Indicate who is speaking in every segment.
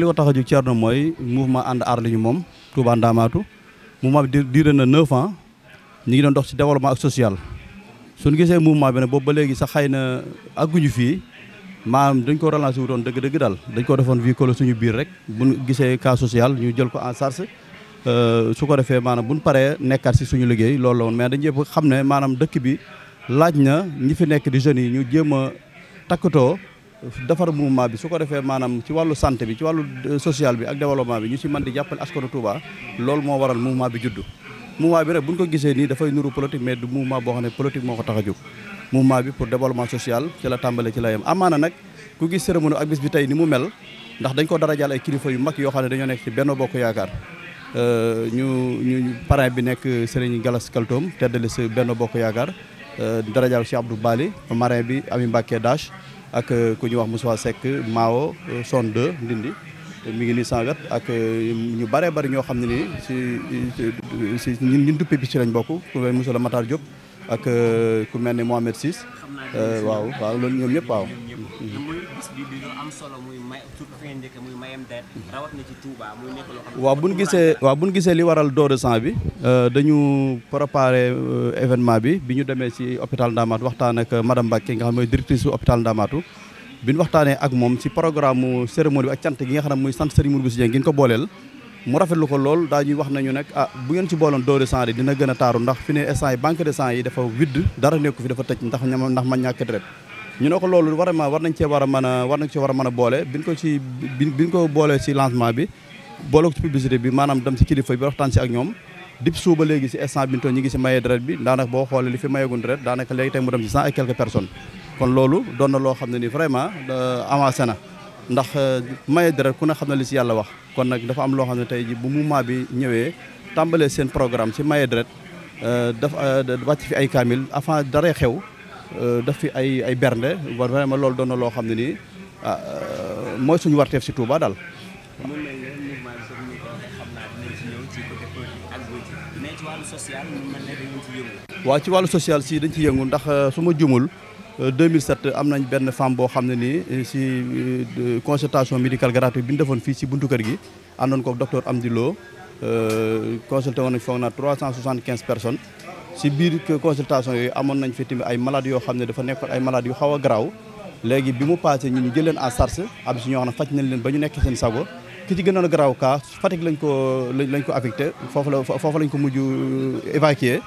Speaker 1: li ko tax a jóg Thierno mooy mouvement ànd aar li ñu moom Touba Ndamaatu mouvement bi diire na 9 ans ñu ngi doon dox si développement ak social. suñu gisee mouvement bi ne boobu ba léegi sax xay na aguñu fii maanaam dañ ko relancé wutoon dëgg-dëgg daal dañ ko defoon vie colo suñu biir rek buñ gisee cas social ñu jël ko en charge euh, su ko defee maanaam bu buñ paree nekkaat si suñu liggéey loolu la woon mais dañ yëpp xam ne maanaam dëkk bi laaj na ñi fi nekk di jeunes yi ñu jéem a takkatoo defar mouvement bi su ko defee maanaam ci wàllu santé bi ci wàllu euh, social bi ak développement bi ñu si man di jàppale askanu Touba loolu moo waral mouvement bi juddu mouvement bi rek bu ñu ko gisee nii dafay nuru politique mais du mouvement boo xam ne politique moo ko tax a jóg mouvement bi pour développement social ci la tàmbale ci la yem maana nag ku gis cérémonie ak bis bi tey ni mu mel ndax dañ ko darajaal ay kilifa yu mag yoo xam ne dañoo nekk ci benn bokk yaakaar euh, ñu ñu bi nekk Serigne Galas Kaltoom teddali si benn bokk yaakaar euh, darajaal Cheikh Abdou Bali marraine bi Ami Mbacké Dash ak euh, ku ñuy wax Moussa Seck Mao euh, son 2 Ndindi mi ngi nii sangat ak euh, ñu bëree bëri ñoo xam ne ni si si ñun ñun duppi bi ci lañ bokk ku mel Moussa Matar Diop ak ku mel ne Mohamed Ciss waaw waaw loolu ñoom ñëpp waaw bi
Speaker 2: am solo muy may tout
Speaker 1: bu ñu gisee waaw bu ñu gisee li waral don de sang bi euh, dañu préparé euh, événement bi bi ñu demee ci hôpital Ndamatou waxtaan ak euh, madame Mbacke nga xam mooy directrice su hôpital Ndamatou. bi ñu waxtaanee ak moom si programme mu cérémonie bi ak cant gi nga xam ne muy sant Serigne Mourou Dieng gi ñu ko booleel. mu rafetlu ko lool daa ñuy wax nañu nag ah bu ngeen ci booloon don de sang dina gën taaru ndax fi ne instant yi banque de sang yi dafa widd dara nekku fi dafa tëj ndax ndax ma ñàkk deret ñu ne ko loolu vraiment war nañ cee war a mën a war nañ cee war a mën a boole biñ ko ci biñ ko boolee si lancement bi boole ko ci publicité bi maanaam dem si kilifa bi waxtaan si ak ñoom dip suuba léegi si instant binto ñi ngi si maye deret bi daanaka boo xoolee li fi mayeegun deret daanaka léegi tey mu dem si cent et quelques personnes kon loolu doon na loo xam ne ni vraiment euh, avancé na ndax euh, maye deret ku ne xam ne li si yàlla wax kon nag dafa am loo xam ne tey ji bu mouvement bi ñëwee tàmbalee seen programme si maye deret euh, daf wàcc fi ay kaamil avant dara xew Euh, daf fi ay ay bernde ma loolu doon na loo xam ne nii ah, euh, mooy suñu warteef si Touba daal. waaw ci wàllu social si dañ ci yëngu ndax euh, su ma jumul 2007 am nañ benn femme boo xam ne nii si consultation médicale gratuite bi ñu defoon fii si buntu kër gi àndoon ko docteur Amdi Lo consulté woon nañ foog naa quinze personnes. ci biir consultation yooyu amoon nañ fi tamit ay malades yoo xam ne dafa nekkoon ay malades yu xaw a garaaw léegi bi mu passé ñu jël jëleen en charge am si ñoo xam ne faj nañ leen ba ñu nekk seen sago ki ci gënoon a garaaw cas Fatick lañ ko lañ ko affecté foofu la foofu lañ ko mujj évacué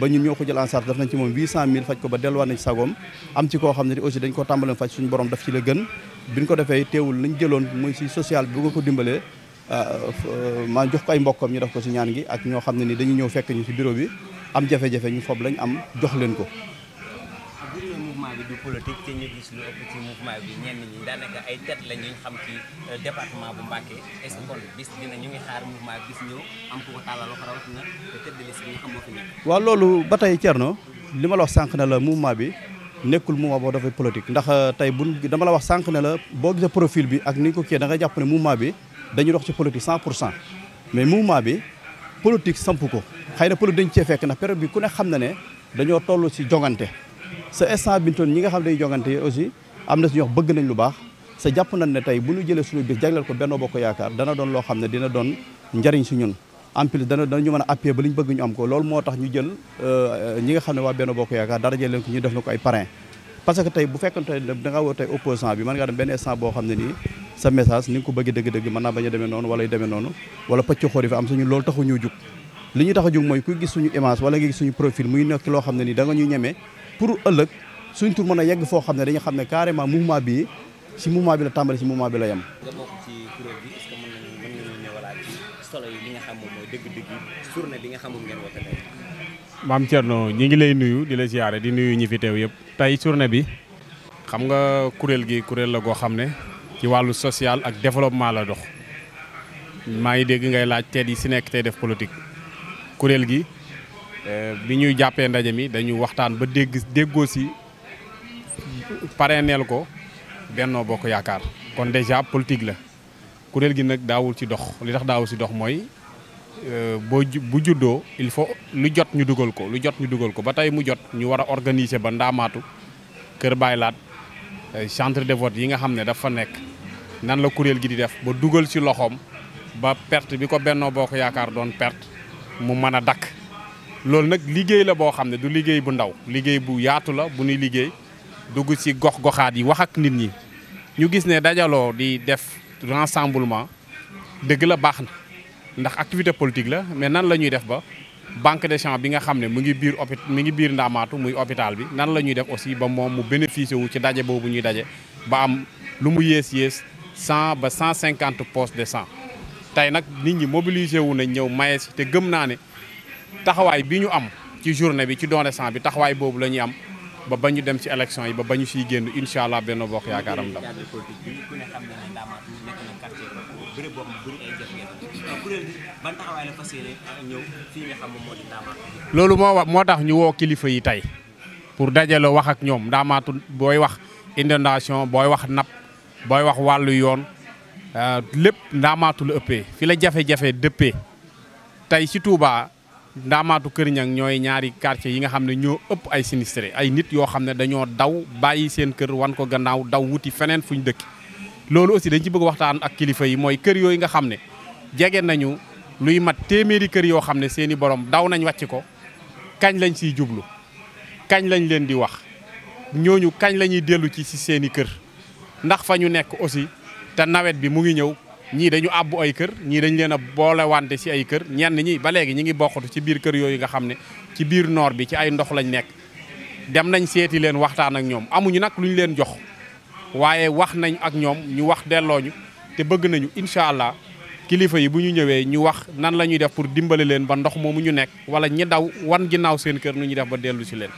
Speaker 1: ba ñun ñoo ko jël en charge def nañ ci moom 800000 faj ko ba delluwaat nañ ci sagoom am ci koo xam ne aussi dañ ko tàmbalee faj suñu borom daf ci la gën bi biñ ko defee teewul lañ jëloon muy si social bi nga ko dimbalee euh, euh, maa jox ko ay mbokkam ñu def ko si ñaan gi ak ñoo xam ne ni dañuy ñëw fekk ñu si bureau bi am jafe-jafe ñu foobu lañu am jox leen ko.
Speaker 2: mouvement bi
Speaker 1: euh, waaw loolu ba tey Thierno li ma la wax sànq ne la mouvement bi nekkul mouvement boo dafay politique ndax euh, tey bu dama la wax sànq ne la boo gisee profil bi ak ni ko kii da nga jàpp ne mouvement bi dañu dox ci politique 100 pour cent mais mouvement bi. politique samp ko xëy na politique dañ cee fekk na période bi ku ne xam na ne dañoo toll si jongante sa instant bi ñi nga xam ne day jongante aussi am na si ñoo bëgg nañ lu baax sa jàpp nañ ne tey bu ñu jëlee suñu bis jagleel ko benn Bokk Yaakaar dana doon loo xam ne dina doon njariñ si ñun en plus dana danañu mën a appuyer ba li ñu bëgg ñu am ko loolu moo tax ñu jël euh, ñi nga xam ne waa Benno Bokk Yaakaar dara jël leen ko ñu def na ko ay parrain parce que tey bu fekkante da nga woo tey opposant bi mën ngaa dem benn instant boo xam ne nii sa message ni nga ko bëggee dëgg-dëgg mën naa bañ a demee noonu wala yu demee noonu wala pëcc xoor yi fi am suñu loolu taxu ñu jug li ñu tax a jug mooy ku gis suñu image wala nga gis suñu profil muy nekk loo xam ne nii da nga ñu ñemee pour ëllëg suñ tur mën a yegg foo xam ne dañu xam ne carrément mouvement bi si mouvement bi la tàmbali si mouvement bi la yem
Speaker 2: maam Thierno ñu ngi lay nuyu di la ziare di nuyu ñi fi teew yëpp tey journée bi xam nga kuréel gi kuréel la goo xam ne ci wàllu social ak développement la dox maa ngi dégg ngay laaj tey yi si nekk tey def politique kuréel gi euh, bi ñuy jàppee ndaje mi dañu waxtaan ba dégg déggoo si parrainel ko Benno Bokk Yaakaar kon déjà politique la kuréel gi nag daawul ci dox li tax daawul si dox mooy euh, boo bu juddoo il faut lu jot ñu dugal ko lu jot ñu dugal ko ba tey mu jot ñu war a organiser ba ndaamaatu kër Baay Laat centre de vote yi nga xam ne dafa nekk nan la kuréel gi di def ba dugal ci loxoom ba perte bi ko bennoo boo ko Yaakaar doon perte mu mën a dakk loolu nag liggéey la boo xam ne du liggéey bu ndaw liggéey bu yaatu la bu ñuy liggéey dugg ci gox-goxaat yi wax ak nit ñi ñu gis ne dajaloo di def rassemblement dëgg la baax na ndax activité politique la mais nan la ñuy def ba banque de sang bi nga xam ne mu ngi biir opi mu ngi biir ndaamaatu muy hôpital bi nan la ñuy def aussi ba moom mu bénéficier wu ci daje boobu ñuy daje ba am lu mu yées yées cent ba cent cinquante postes de sang tey nag nit ñi mobiliser wu nañ ñëw maye si te gëm naa ne taxawaay bi ñu am ci journée bi ci doone sang bi taxawaay boobu la ñuy am ba ba ñu dem ci élection yi ba ba ñu siy génn incha allah benn bokk yaakaaram ndam bëri moo loolu moo wax moo tax ñu woo kilifa yi tey pour dajale wax ak ñoom Ndaamaatu booy wax inondation booy wax napp booy wax wàllu yoon euh, lépp Ndaamaatu la ëppee fi la jafe-jafe dëppee tey si Touba. ndaamaatu kër ñang ñooy ñaari quartier yi nga xam ne ñoo ëpp ay sinistré ay nit yoo xam ne dañoo daw bàyyi seen kër wan ko gannaaw daw wuti feneen fuñ dëkk loolu aussi dañ ci bëgg waxtaan ak kilifa yi mooy kër yooyu nga xam ne jege nañu luy mat téeméeri kër yoo xam ne seeni borom daw nañ wàcc ko kañ lañ siy jublu kañ lañ leen di wax ñooñu kañ la ñuy dellu ci si seeni kër ndax fa ñu nekk aussi te nawet bi mu ngi ñëw ñii dañu àbbu ay kër ñii dañ leen a boole wante si ay kër ñenn ñi ba léegi ñi ngi bokkatu ci biir kër yooyu nga xam ne ci biir noor bi ci ay ndox lañu nekk dem nañ seeti leen waxtaan ak ñoom amuñu nag lu ñu leen jox waaye wax nañ ak ñoom ñu wax dellooñu te bëgg nañu incha allah kilifa yi bu ñu ñëwee ñu wax nan la ñuy def pour dimbale leen ba ndox moomu ñu nekk wala ñi daw wan ginnaaw seen kër nu ñuy def ba dellu si leen.